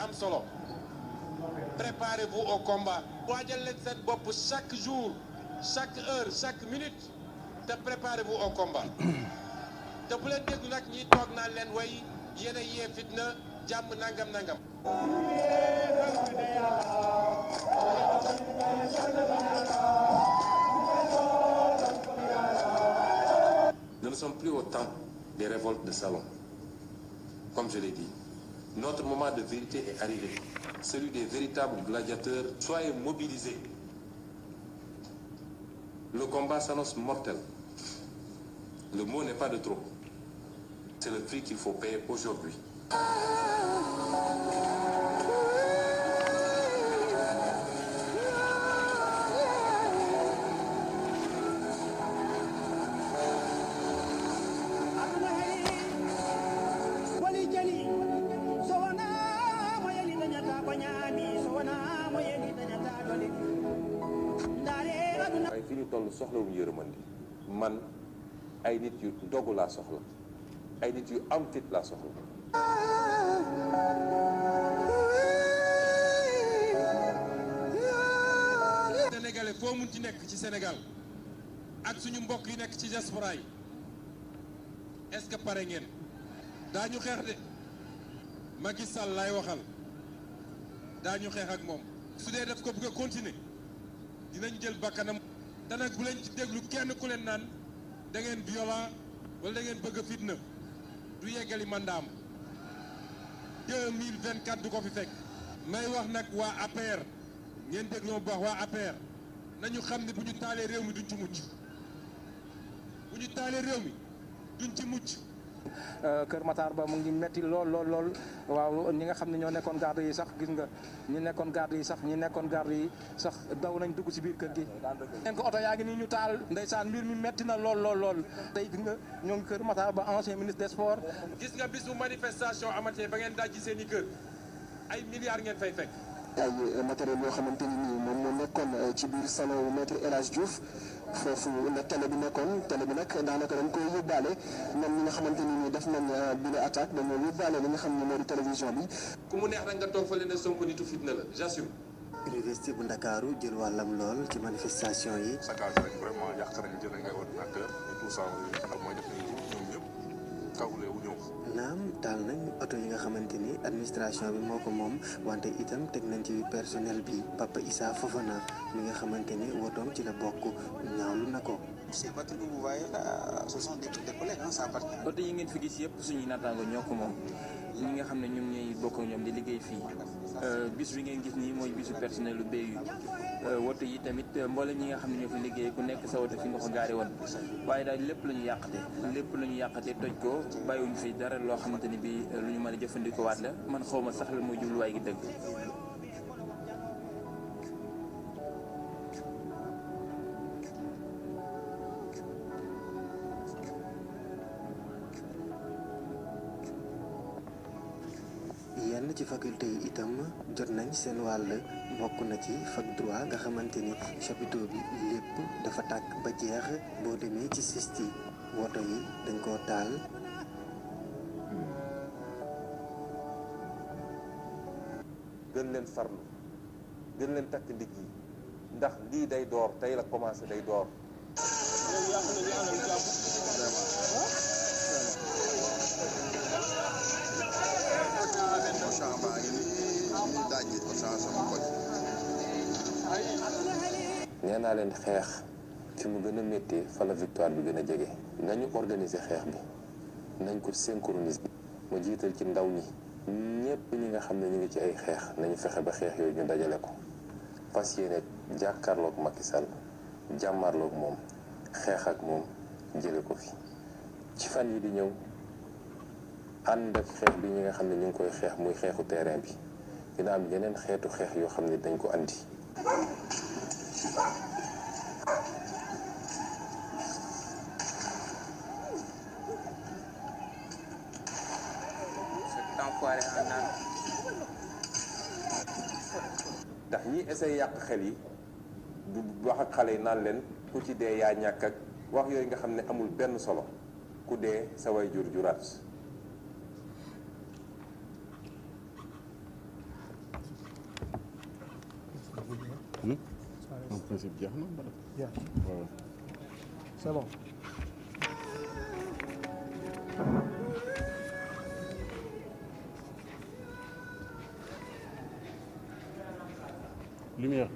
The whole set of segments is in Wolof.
am solo préparez-vous au combat pour chaque jour chaque heure chaque minute te préparez-vous au combat Nous ne sommes plus au temps des révoltes de salon, comme je l'ai dit. Notre moment de vérité est arrivé, celui des véritables gladiateurs. Soyez mobilisés. Le combat s'annonce mortel. Le mot n'est pas de trop. C'est le prix qu'il faut payer aujourd'hui. ñu toll soxlawuñu yërmande man ay nit yu dogu laa soxla ay nit yu am fit foo mun ci nekk ci Sénégal ak suñu mbokk yi nekk ci diaspora yi est-ce que pare ngeen daañu xeex de Macky Sall laay waxal daañu xeex ak moom su dee daf ko bëgg a continuer jël bakkanam te nag bu leen ci déglu kenn ku leen naan dangeen ngeen violent wala da ngeen bëgg a fitna du yeggali mandaam 2024 du ko fi fekk. may wax nag waa APR ngeen déglu ma baax waa APR nañu xam ne bu ñu taalee réew mi duñ ci mucc bu ñu taalee réew mi duñ ci mucc. Euh, kër Matar ba mu ngi metti lool lool lool waaw ñi nga xam ne ñoo nekkoon garde yi sax gis nga ñi nekkoon garde yi sax ñi nekkoon garde yi sax daw nañ dugg ci biir kër gi leen ko oto yaa ngi nii ñu taal ndeysaan mbir mi metti na lool lool lool tey gis nga ñoo ngi Kër Matar ba ancien ministre des sports gis nga bis bu manifestation amatee ba ngeen dajji seen i kër ay milliards ngeen fay fekk ay matériel boo xamante ni nii moom moo nekkoon euh, ci biir salon maître El Hadj foofu la télé bi nekkoon télé bi nag daanaka dañ koy yóbbaale ñoom ñi xamante ni nii def nañ euh, bi la attaque dañoo yóbbaale li nga xam ne moo di télévision bi. ku mu neex rek nga toog fële ne Sonko nitu fitna la j'assume. université bu Ndakaaru jël wàllam lool ci manifestation yi. naam taal na oto yi nga xamante ni administration bi moo ko moom wante itam teg nañ ci personnel bi Papa Issa Fofana mi nga xamante ni wotoom ci la bokk ñaawlu na ko. c'est pas tout vous voyez là, ce sont des collègues, yi ngeen fi gis yëpp suñuy naataango ñoo ko moom. xam ne ñoom ñooy bokk ñoom di liggéey fii euh, bis bi ngeen gis nii mooy bisu personnel lu béy yu euh, woto yi tamit euh, mboolem ñi nga xam ne ñoo fi liggéey ku nekk sa woto fi nga ko gaari woon waaye daal lépp lañu yàq yàqate lépp la ñu yàqate toj ko bàyyiwuñu fi dara loo xamante ni bi lu ñu mën a jëfandikoo waat la man xaw ma sax la mooy jubluwaay gi dëgg lenn ci faculté yi itam jot nañ seen wàll bokk na ci fac droit nga xamante ni chapiteau bi lépp dafa tàkk ba jeex boo demee ci sisti woto yi dañ koo taal gën leen farlu gën leen takk ndig yi ndax lii day door tey la commencé day door chance nee naa leen xeex fi mu gën a méttee fa la victoire bi gën a jege nañu organiser xeex bi nañ ko synchroniser ma jiital ci ndaw ñi ñëpp ñi nga xam ne ñu ngi ci ay xeex nañu fexe ba xeex yooyu ñu dajale ko fas yéene jàkkaarloog Macky Sall jàmmarloog moom xeex ak moom jële ko fi ci fan yi di ñëw ànd ak xeex bi ñi nga xam ne ñu ngi koy xeex muy xeexu terrain bi dina am yeneen xeetu xeex yoo xam ne dañ ko andi. ndax ñi essayé yàq xel yi du wax ak xale yi naan leen ku ci dee yaa ñàkk ak wax yooyu nga xam ne amul benn solo ku dee saway jur juraat Mhm. en principe c'est bon lumière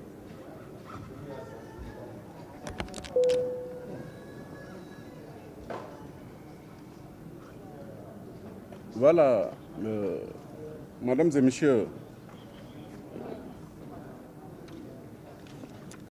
voilà le... Euh, mesdames et messieurs